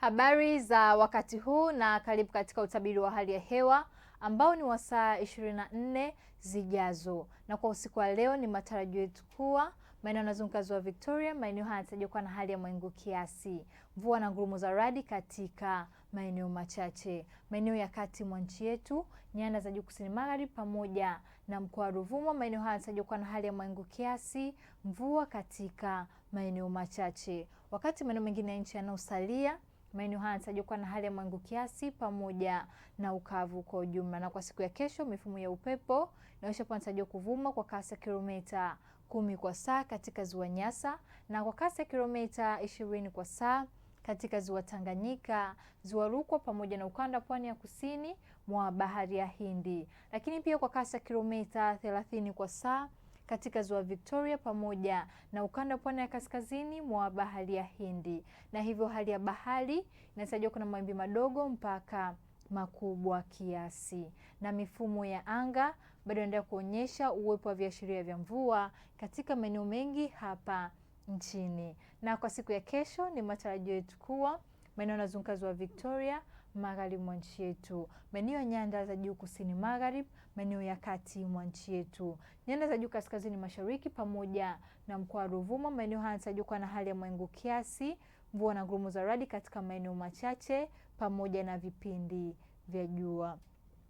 Habari za wakati huu na karibu katika utabiri wa hali ya hewa ambao ni wa saa 24 zijazo. Na kwa usiku wa leo, ni matarajio yetu kuwa maeneo yanazunguka ziwa Victoria, maeneo haya yanatarajiwa kuwa na hali ya mawingu kiasi, mvua na ngurumo za radi katika maeneo machache. Maeneo ya kati mwa nchi yetu, nyanda za juu kusini magharibi, pamoja na mkoa wa Ruvuma, maeneo haya yanatarajiwa kuwa na hali ya mawingu kiasi, mvua katika maeneo machache, wakati maeneo mengine ya nchi yanayosalia Maeneo haya yanatarajiwa kuwa na hali ya mawingu kiasi pamoja na ukavu kwa ujumla. Na kwa siku ya kesho, mifumo ya upepo inaonyesha kuwa inatarajiwa kuvuma kwa kasi ya kilomita kumi kwa saa katika ziwa Nyasa na kwa kasi ya kilomita ishirini kwa saa katika ziwa Tanganyika, ziwa Rukwa pamoja na ukanda pwani ya kusini mwa bahari ya Hindi, lakini pia kwa kasi ya kilomita thelathini kwa saa katika ziwa Victoria pamoja na ukanda wa pwani ya kaskazini mwa bahari ya Hindi, na hivyo hali ya bahari inatajwa kuna mawimbi madogo mpaka makubwa kiasi, na mifumo ya anga bado inaendelea kuonyesha uwepo wa viashiria vya mvua katika maeneo mengi hapa nchini. Na kwa siku ya kesho ni matarajio yetu kuwa maeneo yanazunguka ziwa Victoria, magharibi mwa nchi yetu, maeneo ya nyanda za juu kusini magharibi, maeneo ya kati mwa nchi yetu, nyanda za juu kaskazini mashariki, pamoja na mkoa wa Ruvuma. Maeneo haya yanatarajiwa na hali ya mawingu kiasi, mvua na ngurumo za radi katika maeneo machache, pamoja na vipindi vya jua.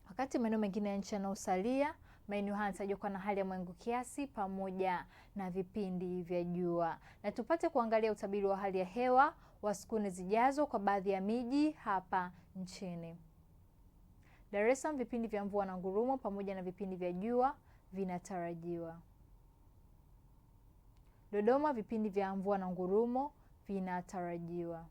Wakati maeneo mengine ya nchi yanayosalia maeneo haya yanatajwa na hali ya mawingu kiasi pamoja na vipindi vya jua. Na tupate kuangalia utabiri wa hali ya hewa wa nne zijazo kwa baadhi ya miji hapa nchini. Dar es Salaam, vipindi vya mvua na ngurumo pamoja na vipindi vya jua vinatarajiwa. Dodoma, vipindi vya mvua na ngurumo vinatarajiwa.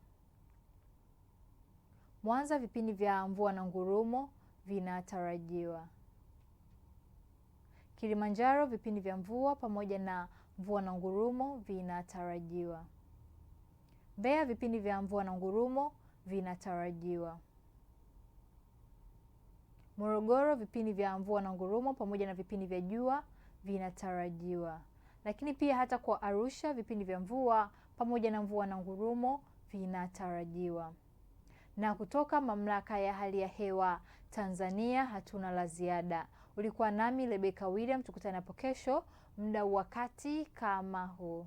Mwanza, vipindi vya mvua na ngurumo vinatarajiwa. Kilimanjaro, vipindi vya mvua pamoja na mvua na ngurumo vinatarajiwa. Mbeya vipindi vya mvua na ngurumo vinatarajiwa. Morogoro vipindi vya mvua na ngurumo pamoja na vipindi vya jua vinatarajiwa. Lakini pia hata kwa Arusha vipindi vya mvua pamoja na mvua na ngurumo vinatarajiwa. Na kutoka Mamlaka ya Hali ya Hewa Tanzania hatuna la ziada. Ulikuwa nami Rebecca William, tukutane hapo kesho muda wakati kama huu.